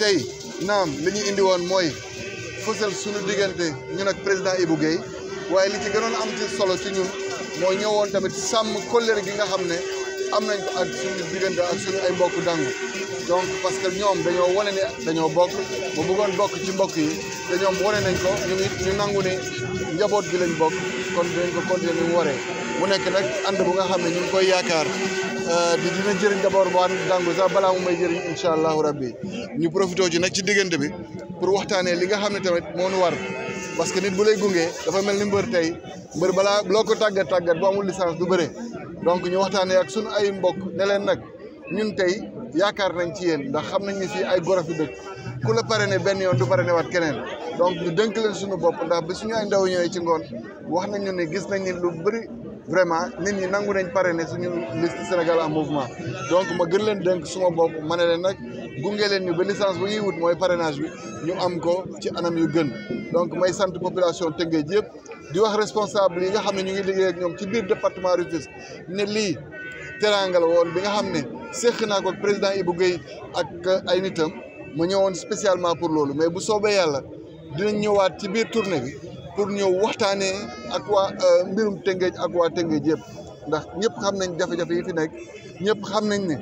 tey naam li ñu indi woon mooy fësal suñu diggante ñu ak président Ibou Guèye waaye li ci gënoon am ci solo ci ñun moo ñëwoon tamit sàmm kóllëre gi nga xam ne am nañ ko ak diggante ak suñu ay mbokk dàngu donc parce que ñoom dañoo wane ne dañoo bokk mu bëggoon bokk ci mbokk yi te ñoom wane nañ ko ñu nangu ne njaboot gi lañ bokk kon dinañ ko continuer ni mu waree mu nekk nag ànd bu nga xam ne ñu ngi koy yaakaar Euh, di dina jëriñ d'abord bu ànd dàngu sax balaa mu may jëriñ incha allahu rabbi ñu profité ci nag ci diggante bi pour waxtaanee li nga xam ne tamit moo nu war parce que nit bu lay gunge dafa mel ni mbër tey mbër balaa loo ko tàggat tàggat bu amul licence du bëre donc ñu waxtaanee ak sunu ay mbok ne leen ñun tey yaakaar nañ ci yéen ndax xam nañ ni fii ay gorof yu dëkk ku la pare ne benn yoon du parrainé waat keneen donc ñu dënk leen suñu bopp ndax bi suñu ay ndaw ñëwee ci ngoon wax nañ ñu ne gis nañ ni lu bëri. vraiment nit ñi nangu nañ pare ne suñu liste Sénégal en mouvement donc ma gën leen dënk suma bopp ma ne leen nag gunge leen ñu ba licence bu ñuy wut mooy parrainage bi ñu am ko ci anam yu gën donc may sant population Tëngéej yëpp di wax responsable yi nga xam ne ñu ngi liggéey ak ñoom ci biir département Rufisque ne lii teraanga la woon bi nga xam ne séq naa ko président Ibou Guèye ak ay nitam ma ñëwoon spécialement pour loolu mais bu soobee yàlla dinañ ñëwaat ci biir tournée bi. pour ñëw waxtaanee ak waa euh, mbirum Tëngéej ak waa Tëngéej yëpp ndax ñëpp xam nañ jafe yi fi nekk ñëpp xam nañ ne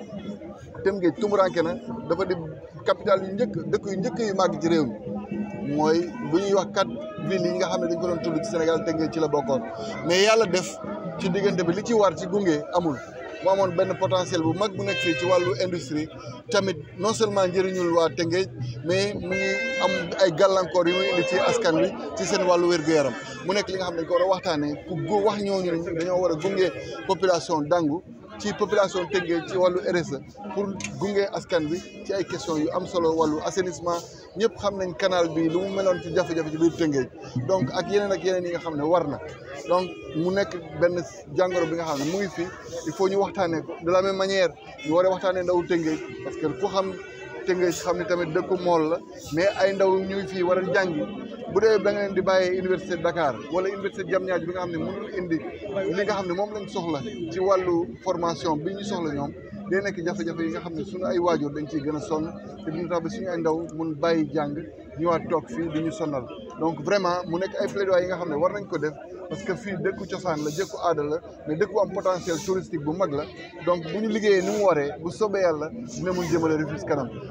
Tëngéej tumuranke na dafa di capital yu njëkk dëkk njëkk yu màgg ci réew mooy bu ñuy wax quatre villes yi nga xam ne dañ ko doon tudd ci Sénégal Tëngéej ci la bokkoon mais yàlla def ci diggante bi li ci war ci gunge amul mu amoon benn potentiel bu mag bu nekk fii ci wàllu industrie tamit non seulement njëriñul waa Tëngéej mais mu ngi am ay gàllankoor yu muy ci askan wi ci seen wàllu wér-gu-yaram mu nekk li nga xam ne ko war waxtaanee ku wax ñooñu dañoo war a gunge population Dangu. ci population Tëngéej ci wàllu RSE pour gunge askan bi ci ay question yu am solo wàllu assainissement ñëpp xam nañ kanaal bi lu mu meloon ci jafe-jafe ci biir Tëngéej donc ak yeneen ak yeneen yi nga xam ne war na donc mu nekk benn jàngoro bi nga xam ne mu ngi fi il faut ñu waxtaanee ko de la même manière ñu war a waxtaanee ndawu Tëngéej parce que ku xam Tëngéej xam ne tamit dëkku mool la mais ay ndaw ñu ngi war a jàngi bu dee da nga leen di bàyyee université Dakar wala université Diamniadio bi nga xam ne mënul indi li nga xam ne moom lañ soxla ci wàllu formation bi ñu soxla ñoom de nekk jafe-jafe yi nga xam ne suñu ay waajur dañ ciy gën a sonn te duñu tax ba suñu ay ndaw mun bàyyi jàng ñëwaat toog fii di ñu sonal donc vraiment mu nekk ay plaidoyer yi nga xam ne war nañ ko def parce que fii dëkku cosaan la dëkku aada la mais dëkku am potentiel touristique bu mag la donc bu ñu liggéeyee ni mu waree bu sobee yàlla dina mun jëmale Rufisque kanam